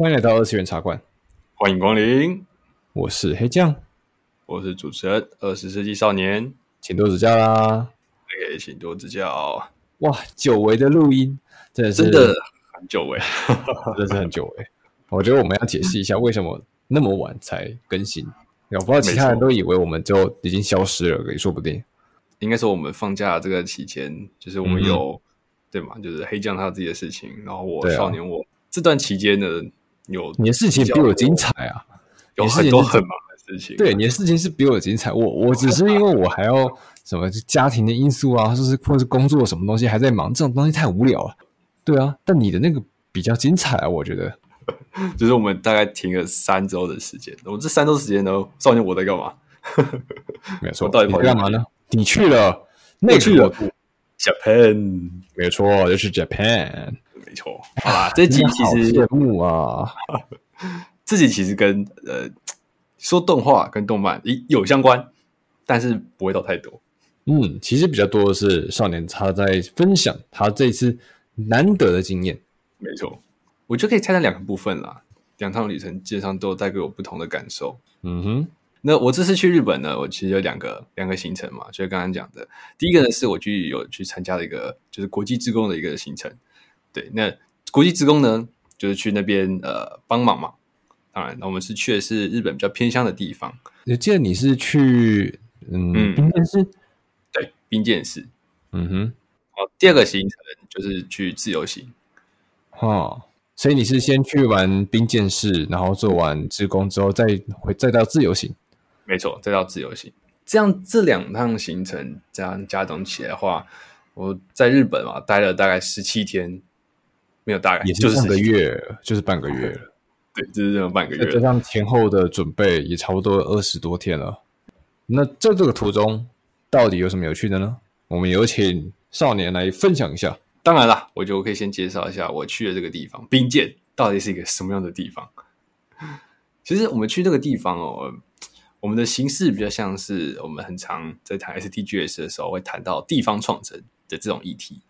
歡迎來到二次元茶館，歡迎光臨，我是黑匠，我是主持人二十世紀少年，請多指教啦，也請多指教。哇，久違的錄音，這真的很久違，真的 是很久違。 我覺得我們要解釋一下，為什麼那麼晚才更新？我不知道其他人都以為我們就已經消失了，也錯說不定。應該說我們放假這個期間，就是我們有嗯嗯對嘛，就是黑匠他自己的事情，然後我少年我、啊、這段期間呢。有的你的事情比我精彩啊！有,有很多很忙的事情,的事情。對，你的事情是比我精彩。我我只是因為我還要什麼家庭的因素啊， 或者是工作什麼東西還在忙，這種東西太無聊了。對啊，但你的那個比較精彩啊，我覺得。就是我們大概停了三周的時間，我這三周時間呢，少年我在幹嘛？ 沒錯，到底跑幹嘛呢？你去了，那去了那個，Japan。沒錯，就是 Japan。沒錯啊，這集其實羨慕啊。自己其實跟呃，說動畫跟動漫有相關，但是不會到太多。嗯，其實比較多的是少年他在分享他這次難得的經驗。沒錯、嗯，嗯、哼我就可以拆成兩個部分啦。兩趟旅程基本上都帶給我不同的感受。嗯哼，那我這次去日本呢，我其實有兩個兩個行程嘛，就是剛剛講的，嗯、哼第一個呢是我去有去參加了一個就是國際志工的一個行程。對，那國際志工呢，就是去那邊呃幫忙嘛。當然，那我們是去的是日本比較偏鄉的地方。我記得你是去嗯，嗯，氷見市，對氷見市，嗯哼。好，第二個行程就是去自由行。哦，所以你是先去完氷見市，然後做完志工之後再，再回再到自由行。沒錯，再到自由行。這樣這兩趟行程這樣加總起來的話，我在日本嘛待了大概十七天。沒有大概也就是個月，就是半個月了。啊、對，就是這樣半個月了，這樣前後的準備，也差不多二十多天了。那在這個途中，到底有什麼有趣的呢？我們有請少年來分享一下。當然了，我就可以先介紹一下我去的這個地方——氷見，到底是一個什麼樣的地方？其實我們去這個地方哦，我們的形式比較像是我們很常在談 SDGs 的時候會談到地方創生的這種議題。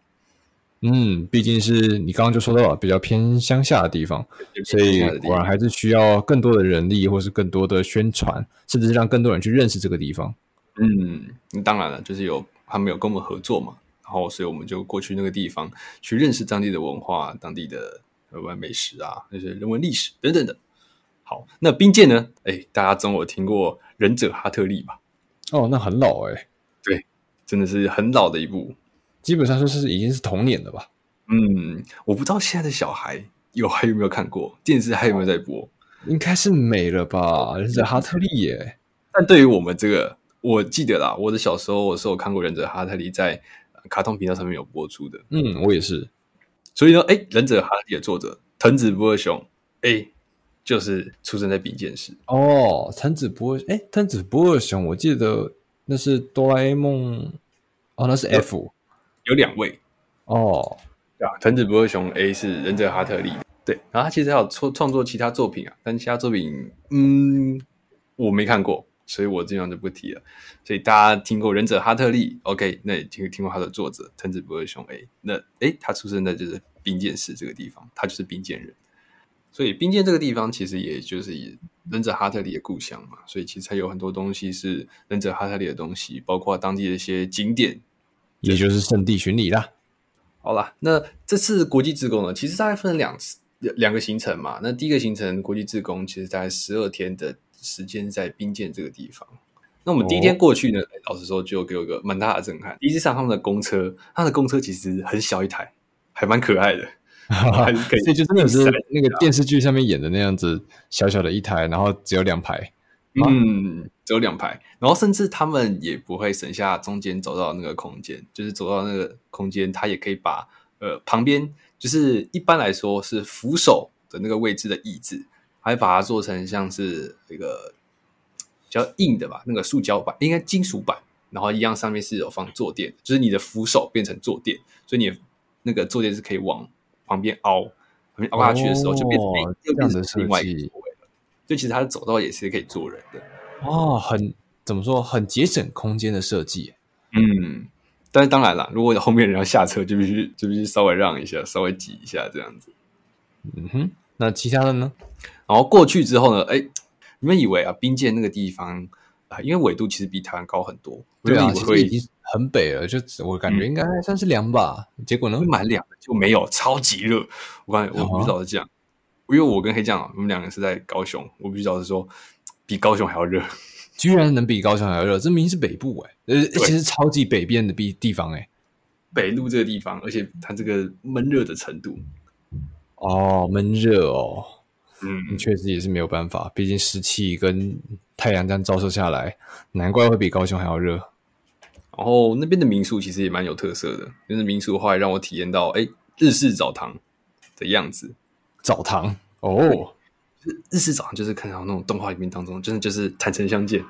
嗯，畢竟是你剛剛就說到了比較偏鄉下的地方，偏偏地方，所以我還是需要更多的人力，或是更多的宣傳，甚至是讓更多人去認識這個地方。嗯，當然了，就是有他們有跟我們合作嘛，然後所以我們就過去那個地方去認識當地的文化、當地的台灣美食啊，那些人文歷史等等等。好，那《氷見》呢？哎，大家總有聽過《忍者哈特利》吧？哦，那很老哎、欸，對，真的是很老的一部。基本上就是已經是童年了吧。嗯，我不知道現在的小孩有還有沒有看過電視，還有沒有在播，應該是沒了吧。忍、嗯、者哈特利耶，但對於我們這個，我記得啦，我的小時候，我是有看過忍者哈特利在卡通頻道上面有播出的。嗯，我也是。所以呢，哎、欸，忍者哈特利的作者藤子不二雄，哎，就是出生在氷見市。哦。藤子不二哎，藤子不二雄，我記得那是哆啦 A 夢哦，那是 F。欸有兩位哦，對啊，藤子不二雄 A 是《忍者哈特利》對，然後他其實還有創創作其他作品啊，但其他作品嗯我沒看過，所以我這樣就不提了。所以大家聽過《忍者哈特利》OK，那也聽聽過他的作者藤子不二雄 A，那哎他出生的就是氷見市這個地方，他就是氷見人，所以氷見這個地方其實也就是《忍者哈特利》的故鄉嘛，所以其實他有很多東西是《忍者哈特利》的東西，包括當地的一些景點。也就是聖地巡禮啦。禮啦，好啦，那這次國際志工呢，其實大概分兩次兩個行程嘛。那第一個行程國際志工，其實大概十二天的時間在氷見這個地方。那我們第一天過去呢，哦、老實說就給我一個蠻大的震撼。第一次上他們的公車，他們的公車其實很小一台，還蠻可愛的， 還可以， 所以就真的是那個電視劇上面演的那樣子，小小的一台，然後只有兩排。嗯，只有兩排，然後甚至他們也不會省下中間走到那個空間，就是走到那個空間，他也可以把呃旁邊，就是一般來說是扶手的那個位置的椅子，還把它做成像是一、這個比較硬的吧，那個塑膠板，應該金屬板，然後一樣上面是有放坐墊，就是你的扶手變成坐墊，所以你那個坐墊是可以往旁邊凹，旁邊、哦、凹下去的時候就變成另外一個。所以其實它的走道也是可以坐人的哦，很怎麼說很節省空間的設計。嗯，但是當然了，如果後面人要下車就，就必須就必須稍微讓一下，稍微擠一下這樣子。嗯哼，那其他的呢？然後過去之後呢？哎、欸，你們以為啊，氷見那個地方，因為緯度其實比台灣高很多，對啊，以對啊，其實已經很北了。以就我感覺應該算是涼吧，嗯、結果呢，蠻涼就沒有，超級熱。我剛才、uh huh. 我們老是這樣。因為我跟黑醬，我們兩個是在高雄，我必須老實說，比高雄還要熱，居然能比高雄還要熱，這明明是北部哎、欸，呃對，其實超級北邊的地地方哎、欸，北陸這個地方，而且它這個悶熱的程度，哦，悶熱哦，嗯，確實也是沒有辦法，畢竟濕氣跟太陽這樣照射下來，難怪會比高雄還要熱。然後那邊的民宿其實也蠻有特色的，就是民宿的話，讓我體驗到哎、欸，日式澡堂的樣子。澡堂哦，日式澡堂就是看到那種動畫裡面當中，真、就、的、是、就是坦誠相見，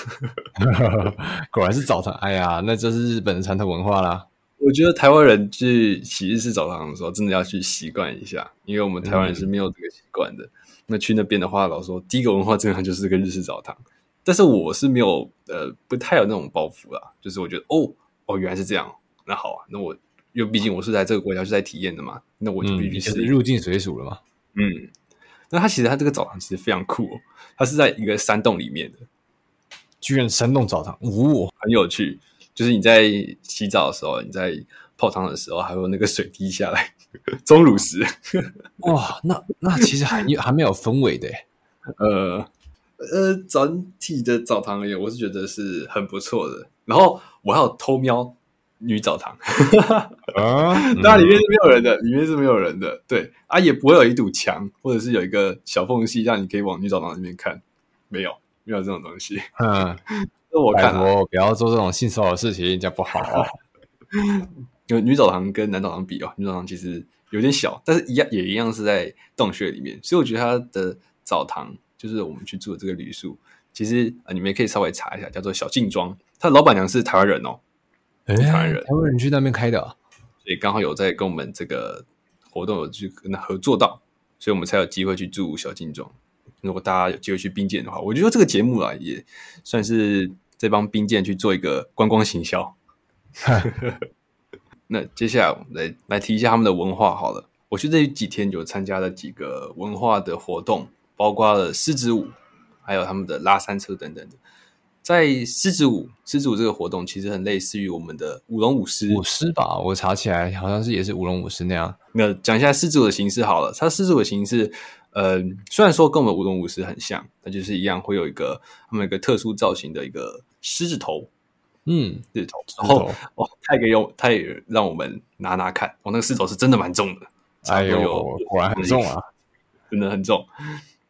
果然是澡堂。哎呀，那就是日本的傳統文化啦。我覺得台灣人去洗日式澡堂的時候，真的要去習慣一下，因為我們台灣人是沒有這個習慣的。嗯、那去那邊的話，老說，第一個文化正常就是這個日式澡堂。但是我是沒有呃，不太有那種包袱啦、啊，就是我覺得哦哦，原來是這樣，那好啊，那我。因為畢竟我是在這個國家是在體驗的嘛，那我、嗯、就必須是入境隨俗了嘛。嗯，那它其實它這個澡堂其實非常酷，哦，它是在一個山洞裡面的，居然山洞澡堂，嗚、哦、很有趣。就是你在洗澡的時候，你在泡湯的時候，還有那個水滴下來，鐘乳石，哇、哦，那那其實還有 還沒有氛圍的，呃呃，整體的澡堂而言，我是覺得是很不錯的。然後我還有偷瞄女澡堂哈哈哈。啊，當、嗯、然裡面是沒有人的，裡面是沒有人的。對啊，也不會有一堵牆，或者是有一個小縫隙，讓你可以往女澡堂裡面看，沒有，沒有這種東西。嗯，這 我看，託啊、我不要做這種性騷擾的事情，這樣不好啊。因為 女澡堂跟男澡堂比哦，女澡堂其實有點小，但是一樣也一樣是在洞穴裡面，所以我覺得它的澡堂就是我們去住的這個旅宿，其實啊、呃，你們也可以稍微查一下，叫做小靜莊，它老板娘是台灣人哦。很殘忍，台灣人去那邊開的、啊，所以剛好有在跟我們這個活動有去跟他合作到，所以我們才有機會去住小金莊。如果大家有機會去氷見的話，我覺得這個節目啊，也算是這幫氷見去做一個觀光行銷。 那接下來我們來來提一下他們的文化好了。我去這幾天有參加了幾個文化的活動，包括了獅子舞，還有他們的拉山車等等在獅子舞，獅子舞這個活動其實很類似於我們的舞龍舞獅，舞獅吧。我查起來好像是也是舞龍舞獅那樣。那講一下獅子舞的形式好了。它獅子舞的形式，呃，雖然說跟我們舞龍舞獅很像，那就是一樣會有一個他們有一個特殊造型的一個獅子頭，嗯，獅子頭。然後，哦，他也可以用，他也讓我們拿拿看。我那個獅子頭是真的蠻重的，差不、哎、呦，果然很重啊，真的很重。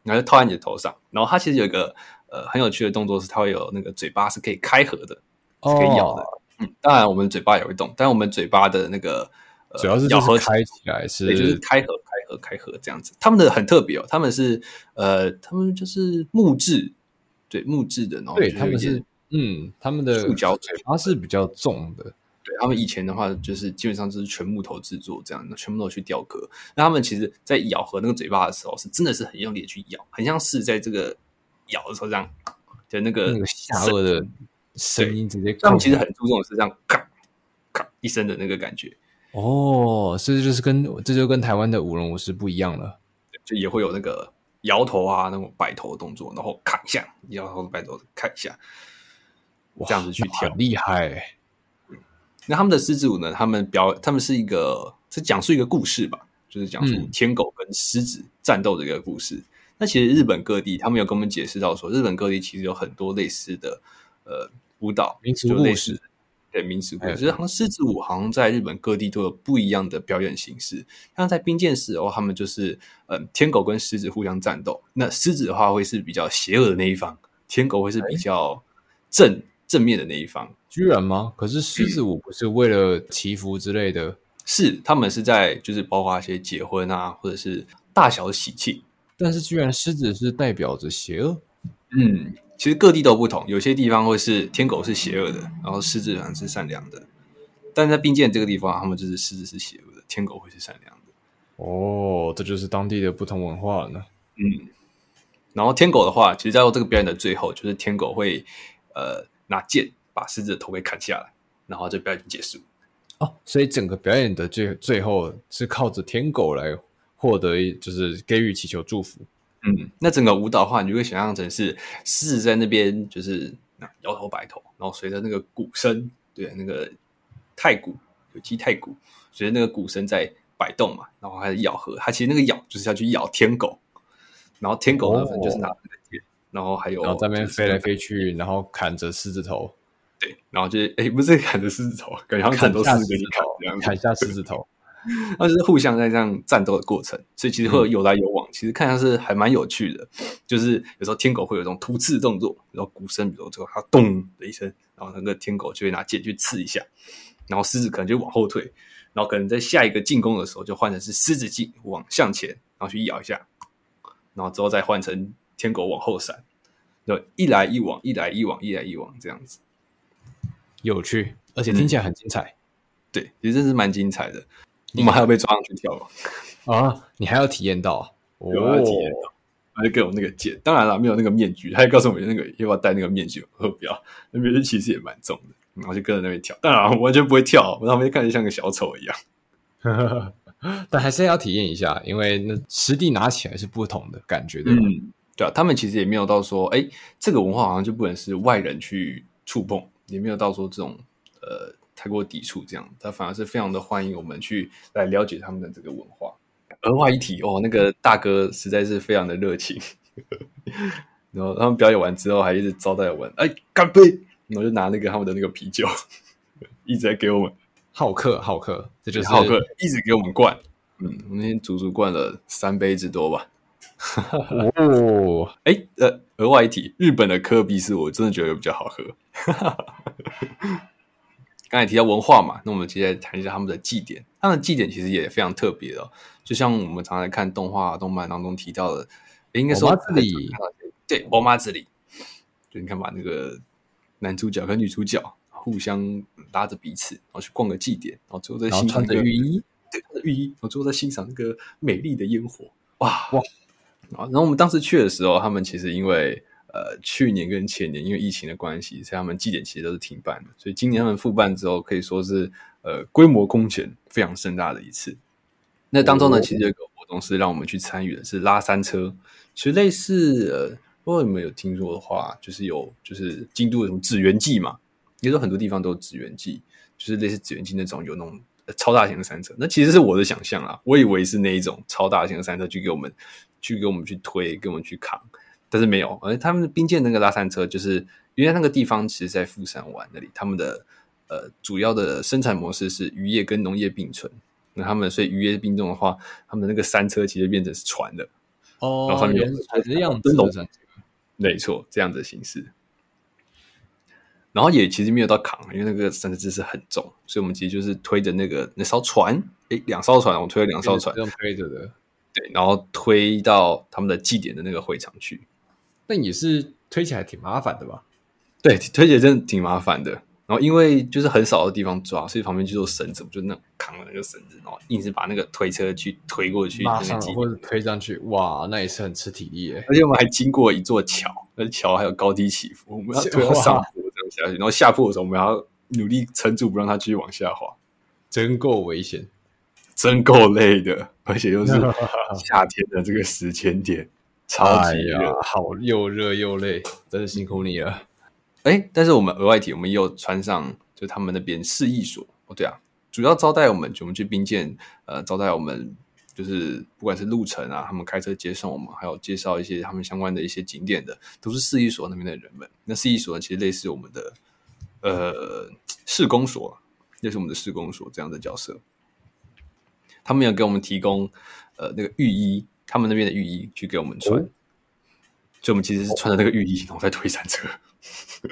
然後就套在你的頭上，然後它其實有一個。呃，很有趣的動作是它會有那個嘴巴是可以開合的，oh. 可以咬的。嗯，當然我們嘴巴也會動，但我們嘴巴的那個、呃、主要是咬合就是開起來是、對、就是開合、開合、開合這樣子。他們的很特別哦，他們是呃，他們就是木質，對木質的。然後，對他們是嗯，他們的觸角、嘴巴是比較重的。對他們以前的話，就是基本上就是全木頭製作這樣的，全部都去雕刻。嗯、那他們其實，在咬合那個嘴巴的時候，是真的是很用力去咬，很像是在這個。咬的時候這樣，就那個那個下顎的聲音直接。他們對其實很注重的是這樣“咔咔”一聲的那個感覺。哦，所以就是跟這就跟台灣的舞龍舞獅不一樣了，就也會有那個搖頭啊，那種擺頭的動作，然後“咔”一下，搖頭擺頭“咔”一下，這樣子去跳厲害、嗯。那他們的獅子舞呢？他們表他們是一個是講述一個故事吧，就是講述天狗跟獅子戰鬥的一個故事。嗯那其實日本各地，他們有跟我們解釋到說，日本各地其實有很多類似的呃舞蹈、民俗故事。對，民俗故事，欸、好像獅子舞好像在日本各地都有不一樣的表演形式。像在氷見市哦，他們就是嗯、呃，天狗跟獅子互相戰鬥。那獅子的話會是比較邪惡的那一方，天狗會是比較正、欸、正面的那一方。居然嗎？可是獅子舞不是為了祈福之類的？是，他們是在就是包括一些結婚啊，或者是大小喜慶。但是，居然獅子是代表着邪惡。嗯，其實各地都不同，有些地方會是天狗是邪惡的，然後獅子好像是善良的。但在氷見這個地方，他們就是獅子是邪惡的，天狗會是善良的。哦，這就是當地的不同文化了呢。嗯，然後天狗的話，其實在這個表演的最後，就是天狗會呃拿劍把獅子的頭給砍下來，然後這表演結束。哦，所以整個表演的最最後是靠着天狗來。獲得一就是給予祈求祝福，嗯，那整個舞蹈的話，你就會想象成是獅子在那邊就是搖頭擺頭，然後隨着那個鼓聲，對，那個太鼓有機太鼓，隨着那個鼓聲在擺動嘛，然後開始咬合，它其實那個咬就是要去咬天狗，然後天狗那部分就是拿、哦、然後還有、就是，然後在那邊飛來飛去，然後砍着獅子頭，對，然後就是誒不是砍着獅子頭，感覺好像很多獅子給你砍，砍下獅子頭。那就是互相在這樣戰鬥的過程，所以其實會有來有往，嗯、其實看上是還蠻有趣的。就是有時候天狗會有一種突刺動作，然後鼓聲，比如說它咚的一聲，然後那個天狗就會拿劍去刺一下，然後獅子可能就往後退，然後可能在下一個進攻的時候就換成是獅子進往向前，然後去咬一下，然後之後再換成天狗往後閃，就一來一往，一來一往，一來一往這樣子，有趣，而且聽起來很精彩，嗯、對，其實真是蠻精彩的。你我們還要被抓上去跳嗎？啊！你還要體驗到，有對、哦、要體驗到，而且更有那個勁。當然了，沒有那個面具，他要告訴我們那個、那個、要不要戴那個面具。我說不要，那面具其實也蠻重的。然後就跟着那邊跳，當然我完全不會跳，我那邊看起來像個小丑一樣。 但還是要體驗一下，因為那實地拿起來是不同的感覺的、嗯。對啊，他們其實也沒有到說，哎、欸，這個文化好像就不能是外人去觸碰，也沒有到說這種呃。太過抵觸，這樣他反而是非常的歡迎我們去來了解他們的這個文化。額外一提哦，那個大哥實在是非常的熱情， 然後他們表演完之後還一直招待我們，哎，乾杯！然後就拿那個他們的那個啤酒，一直在給我們好客好客，好客嗯、這就是好客，一直給我們灌。嗯，我那天足足灌了三杯之多吧。 哦，哎、欸，呃，額外一提，日本的科比斯我真的覺得比較好喝。 剛才提到文化嘛，那我們接下來談一下他們的祭典。他們的祭典其實也非常特別的哦，就像我們常常看動畫、啊、動漫當中提到的，應該說，裡，對，我媽這裡，就你看，把那個男主角和女主角互相拉着彼此，然後去逛個祭典，然後最後再欣賞的一個浴衣，對，浴衣，然後最後再欣賞一個美麗的煙火，哇哇！然後我們當時去的時候，他們其實因為。呃，去年跟前年，因為疫情的關係，所以他們祭典其實都是停辦的。所以今年他們復辦之後，可以說是呃規模空前、非常盛大的一次。那當中呢，我其實有個活動是讓我們去參與的，是拉山車。其實類似、呃，如果你們有聽說的話，就是有就是京都有什麼祇園祭嘛？其實很多地方都有祇園祭，就是類似祇園祭那種有那種、呃、超大型的山車。那其實是我的想象啊，我以為是那一種超大型的山車去給我們去給我們去推，給我們去扛。可是沒有，而他們兵的氷見那個拉山車，就是因為他那個地方，其實是在富山灣那裡。他們的呃，主要的生產模式是漁業跟農業並存。那他們所以漁業並重的話，他們的那個山車其實變成是船的哦，然後上面還是樣子的，籠沒錯，這樣子的形式。嗯、然後也其實沒有到扛，因為那個山車其實很重，所以我們其實就是推着那個那艘船，誒、欸，兩艘船，我們推了兩艘船，這樣推着的，對，然後推到他們的祭典的那個會場去。那也是推起來挺麻煩的吧？對，推起來真的挺麻煩的。然後因為就是很少的地方抓，所以旁邊就有繩子，就那扛了那個繩子，然後硬是把那個推車去推過去，或是推上去。哇，那也是很吃體力耶！而且我們還經過一座橋，那橋還有高低起伏，我們要推到上坡，哇這樣下去，然後下坡的時候我們要努力撐住，不讓它繼續往下滑，真夠危險，真夠累的，而且又、就是、 啊、夏天的這個時間點。超級熱、哎，好又熱又累，真的辛苦你了。哎，但是我們額外提，我們又穿上就他們那邊市役所哦，對啊，主要招待我們，就我們去氷見，呃，招待我們就是不管是路程啊，他們開車接送我們，還有介紹一些他們相關的一些景點的，都是市役所那邊的人們。那市役所呢，其實類似我們的呃，市公所，類似我們的市公所這樣的角色。他們有給我們提供呃，那個浴衣。他們那邊的浴衣去給我們穿，哦、所以我們其實是穿着那個浴衣，然後在推山車。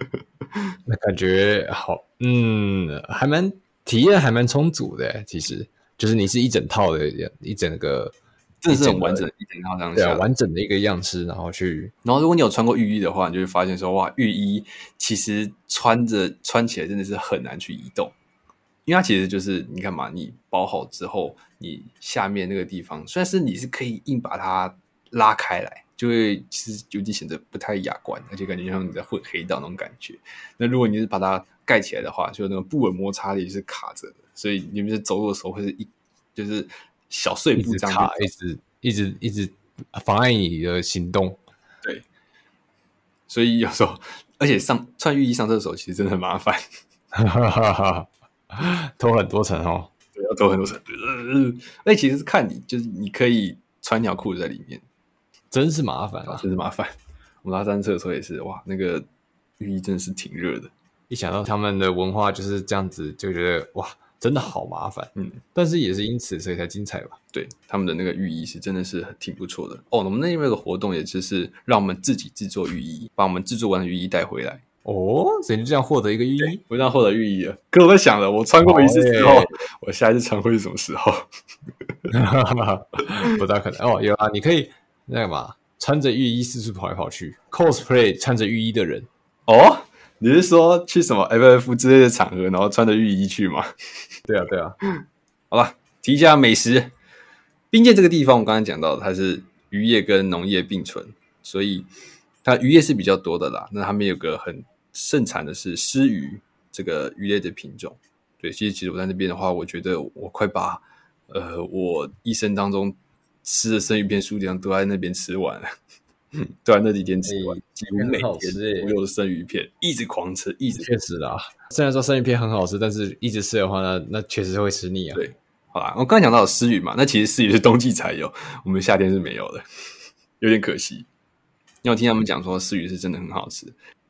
那感覺好，嗯，還蠻體驗還蠻充足的，其實就是你是一整套的，一整個，是整完整的一整套這樣的，子、啊、完整的一個樣式，然後去。然後如果你有穿過浴衣的話，你就會發現說，哇，浴衣其實穿着穿起來真的是很難去移動。因為它其實就是你看嘛，你包好之後，你下面那個地方，雖然是你是可以硬把它拉開來，就會其實就顯得不太雅觀，而且感覺像你在混黑道那種感覺。那如果你是把它蓋起來的話，就那種布紋摩擦力是卡着的，所以你們是走路的時候會是一就是小碎步這樣一，一直一直一直妨礙你的行動。對，所以有時候，而且上穿浴衣上廁所其實真的很麻煩。哈哈哈。 偷很多層哦，對，要偷很多層。那、呃欸、其實看你，就是你可以穿條褲子在裡面。真是麻煩啊，啊，真是麻煩。我們拉山車的時候也是，哇，那個浴衣真的是挺熱的。一想到他們的文化就是這樣子，就覺得哇，真的好麻煩。嗯，但是也是因此，所以才精彩吧。對，他們的那個浴衣是真的是挺不錯的。哦，我們那邊的活動也就是讓我們自己制作浴衣，把我們制作完的浴衣帶回來。哦，所以這樣獲得一個浴衣？欸、我就這樣獲得浴衣啊？可我在想了，我穿過一次之後，欸、我下一次穿會是什麼時候？不大可能哦。有啊，你可以那幹嘛？穿着浴衣四處跑來跑去，cosplay 穿着浴衣的人。哦，你是說去什麼 FF 之類的場合，然後穿着浴衣去嗎？ 對啊，對啊。嗯、好了，提一下美食。氷見這個地方，我剛剛講到，它是漁業跟農業並存，所以它漁業是比較多的啦。那他們有個很。盛產的是鰤魚，這個魚類的品種。對，其實其實我在那邊的話，我覺得我快把呃我一生當中吃的生魚片數量都在那邊吃完了。嗯，在那幾天吃完，欸、幾乎每天有生魚片一直狂吃，一直吃確實啊。雖然說生魚片很好吃，但是一直吃的話那那確實會吃膩啊。對，好啦，我剛才講到了鰤魚嘛，那其實鰤魚是冬季才有，我們夏天是沒有的，有點可惜。因為我聽他們講說鰤魚是真的很好吃。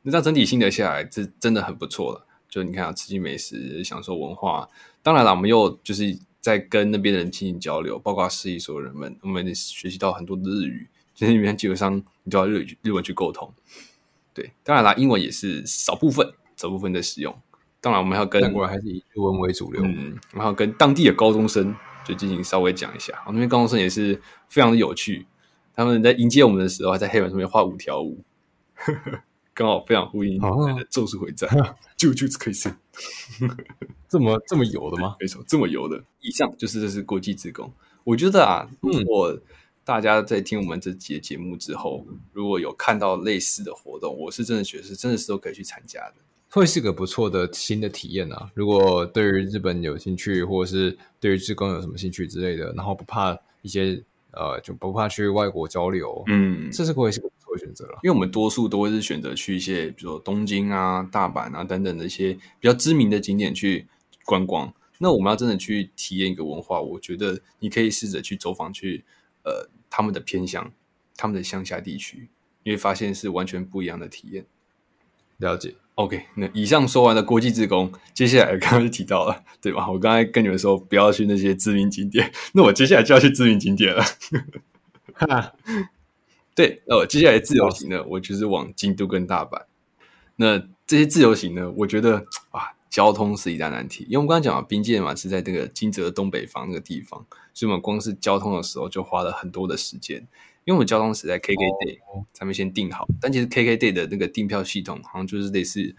那整體心得下來，這真的很不錯了。就你看，啊，吃盡美食，享受文化。當然了，我們又就是在跟那邊的人進行交流，包括市役所人們，我們學習到很多的日語。其、就、實、是、那邊基本上你都要日語日文去溝通。對，當然了，英文也是少部分，少部分的使用。當然，我們要跟還是以日文為主流。嗯，然後跟當地的高中生就進行稍微講一下。我，啊、那邊高中生也是非常的有趣，他們在迎接我們的時候，還在黑板上面畫五條悟。 剛好非常呼應咒術回戰，啊、就就是可以是這麼這麼有的嗎？沒錯，這麼有的。以上就是這是國際志工。我覺得啊，如果大家在聽我們這節節目之後，嗯、如果有看到類似的活動，我是真的覺得是真的是都可以去參加的，會是個不錯的新的體驗啊！如果對於日本有興趣，或者是對於志工有什麼興趣之類的，然後不怕一些呃，就不怕去外國交流，嗯，這是個會是。選擇了，因為我們多數都會是選擇去一些，比如說東京啊、大阪啊等等的一些比較知名的景點去觀光。那我們要真的去體驗一個文化，我覺得你可以試着去走訪去呃他們的偏鄉、他們的鄉下地區，你會發現是完全不一樣的體驗。了解，OK。那以上說完了國際志工，接下來剛剛就提到了對吧？我剛才跟你們說不要去那些知名景點，那我接下來就要去知名景點了。哈 對，那、哦、我接下來自由行呢，我就是往京都跟大阪。那這些自由行呢，我覺得啊，交通是一大難題，因為我們剛剛講，冰見嘛是在那個金澤東北方那個地方，所以我們光是交通的時候就花了很多的時間。因為我們交通是在 KK day，咱們、oh. 先訂好，但其實 KK day 的那個訂票系統，好像就是得是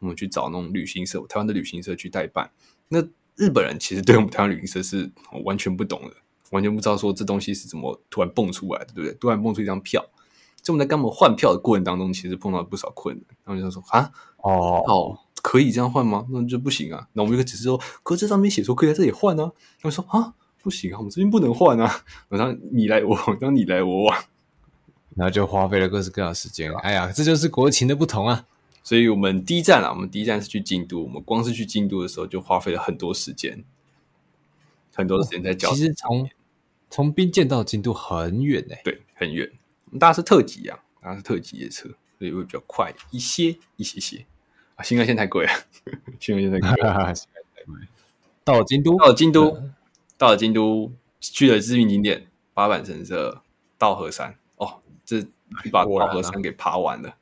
我們去找那種旅行社，台灣的旅行社去代辦。那日本人其實對我們台灣旅行社是完全不懂的。完全不知道說這東西是怎麼突然蹦出來的，對不對？突然蹦出一張票，我們在幹嘛換票的過程當中，其實碰到不少困難。他們就說：“啊，哦，oh. 哦，可以這樣換嗎？”那就不行啊。那我們就只是說：“可這上面寫說可以在這裡換呢、啊。”他們說：“啊，不行啊，我們這邊不能換啊。”然後你來我往，然後你來我往，然後就花費了各式各樣的時間了。哎呀，這就是國情的不同啊。所以我們第一站啊，我們第一站是去京都。我們光是去京都的時候，就花費了很多時間，很多時間在交、哦。其實從從氷見到京都很遠呢、欸，對，很遠。我們是特急呀、啊，搭是特急的車，所以會比較快一些一些些。啊，新幹線太貴了。新幹線太貴，了。太貴。到了京都，到了京都，到了京都，去了知名景點八坂神社、稻荷山。哦，這一把稻荷山給爬完了。哎啊、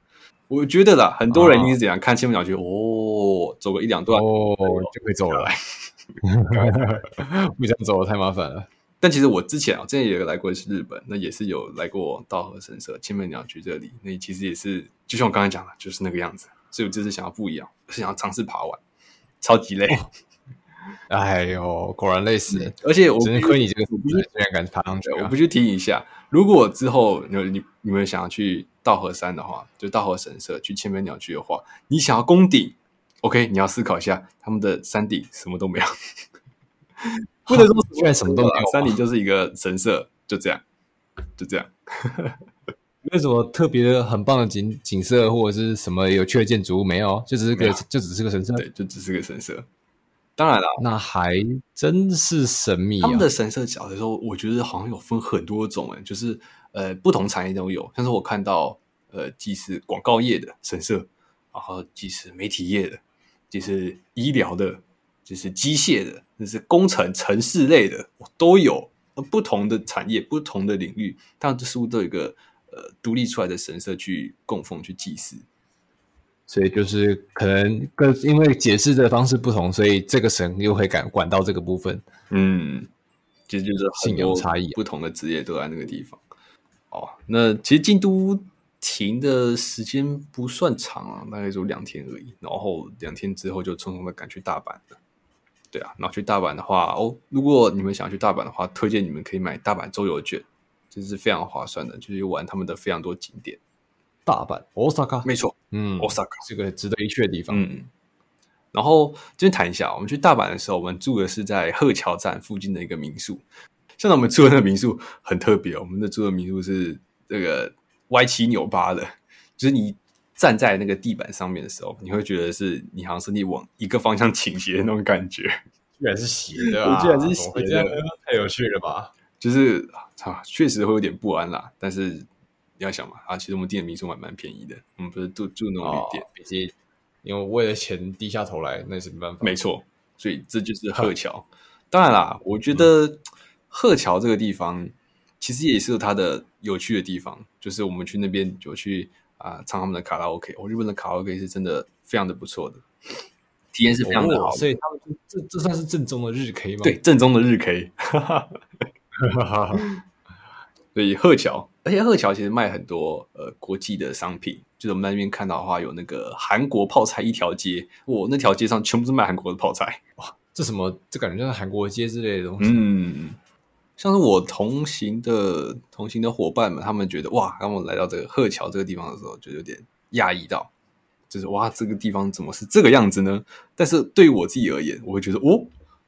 我覺得啦，很多人就是這樣、啊、看千本鳥居就哦，走個一兩段哦，道就可以走了。 不想走了，太麻煩了。但其實我之前啊，我之前也有來過日本，那也是有來過稻荷神社、千本鳥居這裡。那其實也是，就像我剛才講的，就是那個樣子。所以我這次想要不一樣，是想要嘗試爬完，超級累。哎呦，果然累死、嗯！而且我，真虧你這個，居然敢爬上去、啊、我不去提醒一下。如果之後你你你們想要去稻荷山的話，就稻荷神社去千本鳥居的話，你想要攻頂，OK？你要思考一下，他們的山頂什麼都沒有。 不能這麼說，因為什麼都難，啊，山裡就是一個神社，啊、就這樣，就這樣。哈哈哈，沒有什麼特別很棒的景景色，或者是什麼有趣的建築物沒有。就只是個，啊、就只是個神社，對，就只是個神社。當然了，那還真是神秘，啊。他們的神社，小的時候，我覺得好像有分很多種誒，就是呃不同產業都有。像是我看到呃，既是廣告業的神社，然後既是媒體業的，即是醫療的，就是機械的。就是工程、城市類的，我都有。不同的產業、不同的領域，但似乎都有一個呃獨立出來的神社去供奉、去祭祀。所以就是可能各因為解釋的方式不同，所以這個神又會敢管到這個部分。嗯，其實就是信仰差異，不同的職業都在那個地方。哦，啊，那其實京都停的時間不算長啊，大概就兩天而已。然後兩天之後就匆匆的趕去大阪了。對啊，然後去大阪的話，哦，如果你們想去大阪的話，推薦你們可以買大阪周遊券，這是非常划算的，就是玩他們的非常多景點。大阪，Osaka，沒錯，嗯，Osaka 是個值得一去的地方。嗯，嗯，然後今天談一下，我們去大阪的時候，我們住的是在鶴橋站附近的一個民宿。現在我們住的那個民宿很特別哦，我們的住的民宿是這個歪七扭八的，就是你。站在那個地板上面的時候，你會覺得是你好像身體往一個方向傾斜的那種感覺，居然，啊、 居然是斜的，居然是斜的，太有趣了吧！就是啊，確實會有點不安啦。但是你要想嘛啊，其實我們店的民宿還蠻便宜的，我們不是住住那種旅店，直接因為為了錢低下頭來，那什麼辦法？沒錯錯，所以這就是鶴橋。 當然啦，我覺得鶴橋這個地方、嗯、其實也是它的有趣的地方，就是我們去那邊就去。啊，唱他們的卡拉 OK，我、哦、日本的卡拉 OK 是真的非常的不錯的，體驗是非常的好。哦，所以他們就這這算是正宗的日 K 嗎？對，正宗的日 K。所以鶴橋，而且鶴橋其實賣很多呃國際的商品，就是我們在那邊看到的話，有那個韓國泡菜一條街。哇、哦，那條街上全部是賣韓國的泡菜，哇，這什麼這感覺像是韓國街之類的東西，嗯。像是我同行的同行的夥伴們，他們覺得哇，當我來到這個鶴橋這個地方的時候，就有點訝異到，就是哇，這個地方怎麼是這個樣子呢？但是對於我自己而言，我會覺得哦，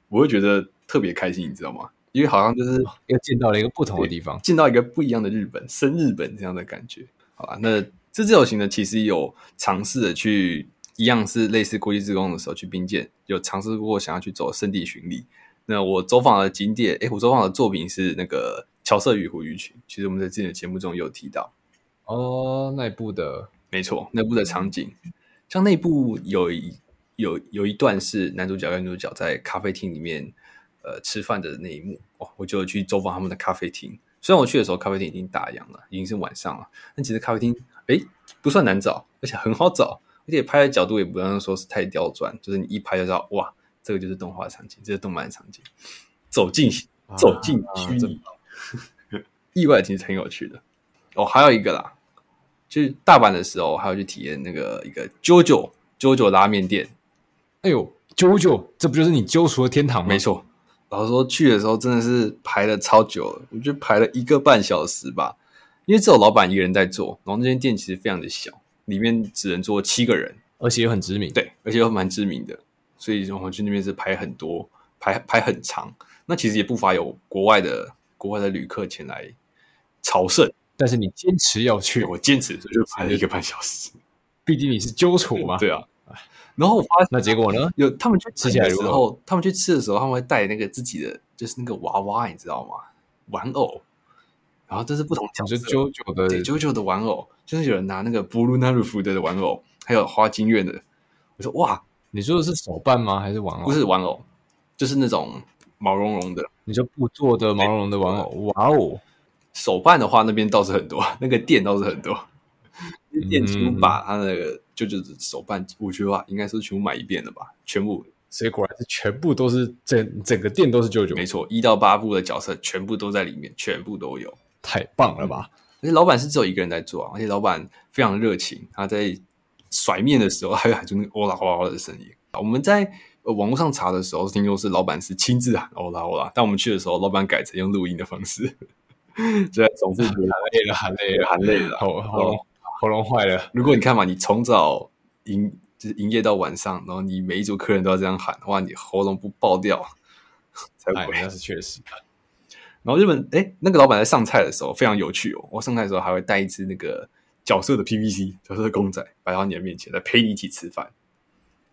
我會覺得特別開心，你知道嗎？因為好像就是又、哦、見到了一個不同的地方，見到一個不一樣的日本，深日本這樣的感覺。好吧，那這支遊行呢，其實有嘗試的去一樣是類似國際志工的時候去氷見，有嘗試過想要去走聖地巡禮。那我走訪的景點，誒，我走訪的作品是那個《喬瑟與虎與魚群》。其實我們在之前的節目中有提到哦，那一部的。沒錯，那一部的場景，像那一部有一有有一段是男主角跟女主角在咖啡廳裡面呃吃飯的那一幕。哦，我就去走訪他們的咖啡廳。雖然我去的時候咖啡廳已經打烊了，已經是晚上了，但其實咖啡廳誒，不算難找，而且很好找，而且拍的角度也不用說是太刁鑽，就是你一拍就知道哇。這個就是動畫場景，這是、個、動漫場景。走進走進虛擬，意外其實挺有趣的。哦，還有一個啦，去大阪的時候我還要去體驗那個一個 JOJO、JOJO 拉面店。哎呦，JOJO 這不就是你揪出的天堂嗎？沒錯。老實說去的時候真的是排了超久了，我覺得排了一個半小時吧。因為只有老板一個人在做，然後那間店其實非常的小，裡面只能坐七個人，而且又很知名。對，而且又蠻知名的。所以，我去那邊是排很多，排排很長。那其實也不乏有國外的國外的旅客前來朝聖。但是你堅持要去，我堅持，所以就排了一個半小時。畢竟你是 JOJO 嘛，對啊。然後我發現，那結果呢？有他們去吃的時候，他們去吃的時候，他們會帶那個自己的，就是那個娃娃，你知道嗎？玩偶。然後這是不同的角色，JOJO 的 JOJO 的玩偶，就是有人拿那個波魯那雷夫的玩偶，還有花京院的。我說哇。你說的是手辦嗎？還是玩偶？不是玩偶，就是那種毛茸茸的，你就布做的毛茸茸的玩偶。欸、玩偶，哇哦！手辦的話，那邊倒是很多，那個店倒是很多。 店全部把他的 JOJO 手辦去的話，我覺得話應該是全部買一遍了吧，全部。所以果然是全部都是，整整個店都是 JOJO。沒錯，一到八部的角色全部都在裡面，全部都有。太棒了吧？而且老闆是只有一個人在做、啊，而且老闆非常熱情，他在，甩麵的時候、嗯、還會喊出那“哦啦哦啦”的聲音啊！我們在、呃、網絡上查的時候聽說是老闆是親自喊、哦，“哦啦哦啦”，但我們去的時候老闆改成用錄音的方式，就 在總是喊累了，喊累了，喊累了，喉嚨喉嚨壞了。後了，如果你看嘛，你從早營就是營業到晚上，然後你每一組客人都要這樣喊，的話你喉嚨不爆掉 才怪鬼、哎！那是確實。然後日本哎、欸，那個老闆在上菜的時候非常有趣哦，我上菜的時候還會帶一只那個。角色的 PVC 角色的公仔擺到對你的面前，來陪你一起吃飯，嗯、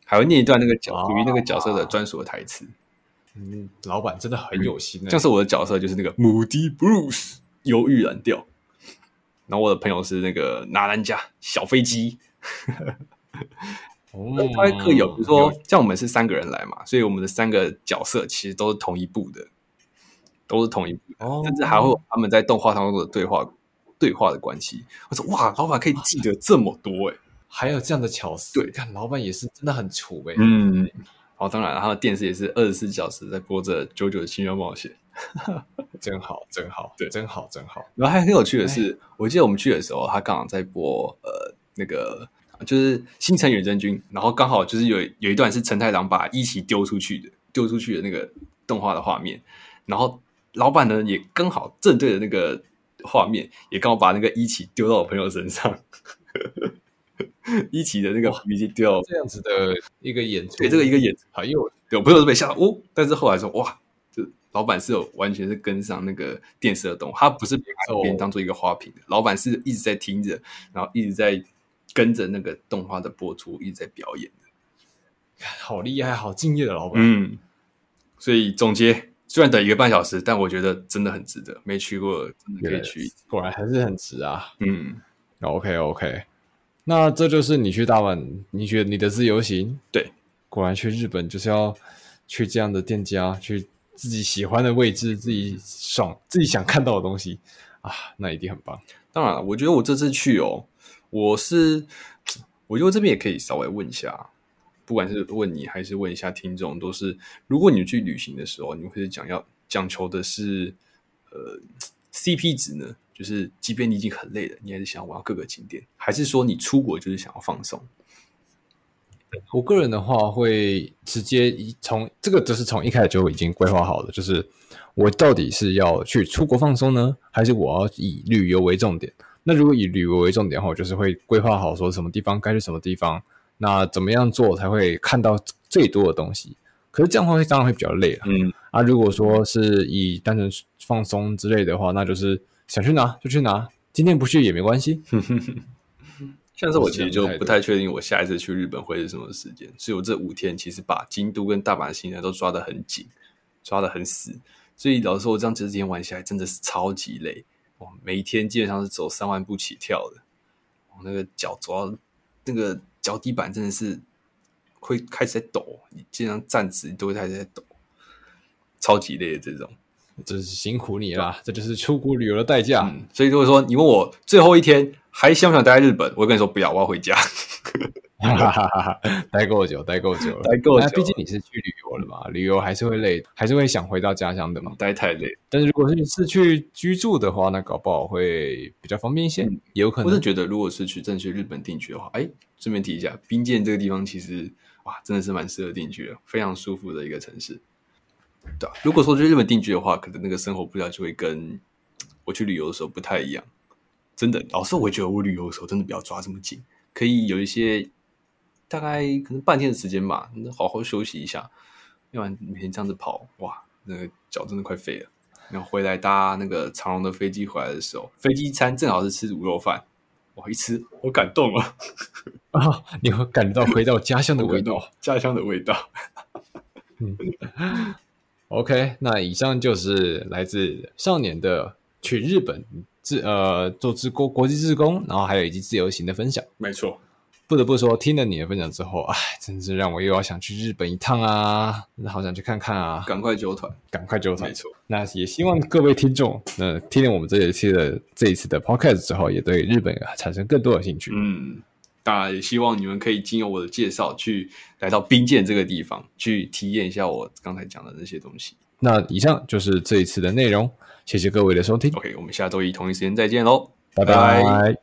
還會念一段那個角屬於、啊、那個角色的專屬的台詞。嗯，老闆真的很有心、欸。像是我的角色就是那個 Moody Blues 憂鬱藍調，然後我的朋友是那個納蘭迦小飛機。嗯、 哦，他還可以有比如說像我們是三個人來嘛，所以我們的三個角色其實都是同一部的，都是同一部，甚至、哦、還會有他們在動畫當中的對話。對話的關係，我說哇，老闆可以記得這麼多哎、欸，還有這樣的巧思，對，看老闆也是真的很 cool 哎，嗯，好，當然，他的電視也是二十四小時在播着新《JOJO 的奇妙冒險》真對真，真好，真好，對，真好，真好。然後還很有趣的是，哎、我記得我們去的時候，他剛好在播呃那個就是《星辰遠征軍》，然後剛好就是有有一段是承太郎把伊奇丟出去的，丟出去的那個動畫的畫面，然後老闆呢也剛好正對着那個。畫面也剛好把那個伊奇丟到我朋友身上，呵呵呵，伊奇的那個已經丟到這樣子的一個演出，對這個一個演出，還有我，我朋友都被嚇到哦，但是後來說哇，就老板是有完全是跟上那個電視的動畫，他不是被當做一個花瓶的，老板是一直在聽着，然後一直在跟着那個動畫的播出，一直在表演，好厲害，好敬業的老板。嗯，所以總結。雖然等一個半小時，但我覺得真的很值得。沒去過，真的可以去。果然還是很值啊！嗯、oh，OK OK。那這就是你去大阪，你覺得你的自由行？對，果然去日本就是要去這樣的店家，去自己喜歡的位置，自己爽，自己想看到的東西、嗯、啊，那一定很棒。當然了，我覺得我這次去哦，我是我覺得我這邊也可以稍微問一下。不管是問你還是問一下聽眾，都是：如果你去旅行的時候，你會講要講求的是呃 CP 值呢？就是即便你已經很累了，你還是想玩各個景點，還是說你出國就是想要放鬆？我個人的話會直接一從這個就是從一開始就已經規劃好了，就是我到底是要去出國放鬆呢，還是我要以旅遊為重點？那如果以旅遊為重點的話，我就是會規劃好說什麼地方該去什麼地方。那怎麼樣做才會看到最多的東西？可是這樣的話會當然會比較累了。嗯啊，如果說是以單純放鬆之類的話，那就是想去哪就去哪，今天不去也沒關係。 像是我其實就不太確定我下一次去日本會是什麼時間，所以我這五天其實把京都跟大阪的行程都抓得很緊，抓得很死。所以老實說，我這樣其實今天玩起來真的是超級累，哇，每一天基本上是走三萬步起跳的，我那個腳走。那個腳底板真的是會開始在抖，你經常站直，你都會開始在抖，超級累。這種真是辛苦你了，對這就是出國旅遊的代價。嗯，所以如果說你問我最後一天還想不想待在日本，我會跟你說不要，我要回家。 哈哈哈哈哈，待夠久，待夠久，待夠久。那畢竟你是去旅遊了嘛， 旅遊還是會累，還是會想回到家鄉的嘛。待太累。但是如果是你是去居住的話，那搞不好會比較方便一些，嗯、也有可能。我是覺得，如果是去真去日本定居的話，哎，順便提一下，氷見這個地方其實哇，真的是蠻適合定居的，非常舒服的一個城市。對，如果說去日本定居的話，可能那個生活步調就會跟我，我去旅遊的時候不太一樣。真的，老實說，我覺得我旅遊的時候真的不要抓這麼緊，可以有一些。大概可能半天的時間吧，好好休息一下，要不然每天這樣子跑，哇，那個腳真的快廢了。然後回來搭那個長榮的飛機回來的時候，飛機餐正好是吃滷肉飯，我一吃我感動了啊、哦！你會感到回到家鄉的味道， 家鄉的味道。 嗯，OK，那以上就是來自少年的去日本志呃做志工國際志工，然後還有以及自由行的分享，沒錯。不得不說，聽了你的分享之後，哎，真是讓我又要想去日本一趟啊！好想去看看啊！趕快揪團，趕快揪團！沒錯，那也希望各位聽眾，嗯、那聽了我們這一期的這一次的 podcast 之後，也對日本、啊、產生更多的興趣。嗯，那也希望你們可以經由我的介紹，去來到氷見這個地方，去體驗一下我剛才講的那些東西。那以上就是這一次的內容，謝謝各位的收聽。OK，我們下周一同一時間再見嘍，拜拜 Bye bye。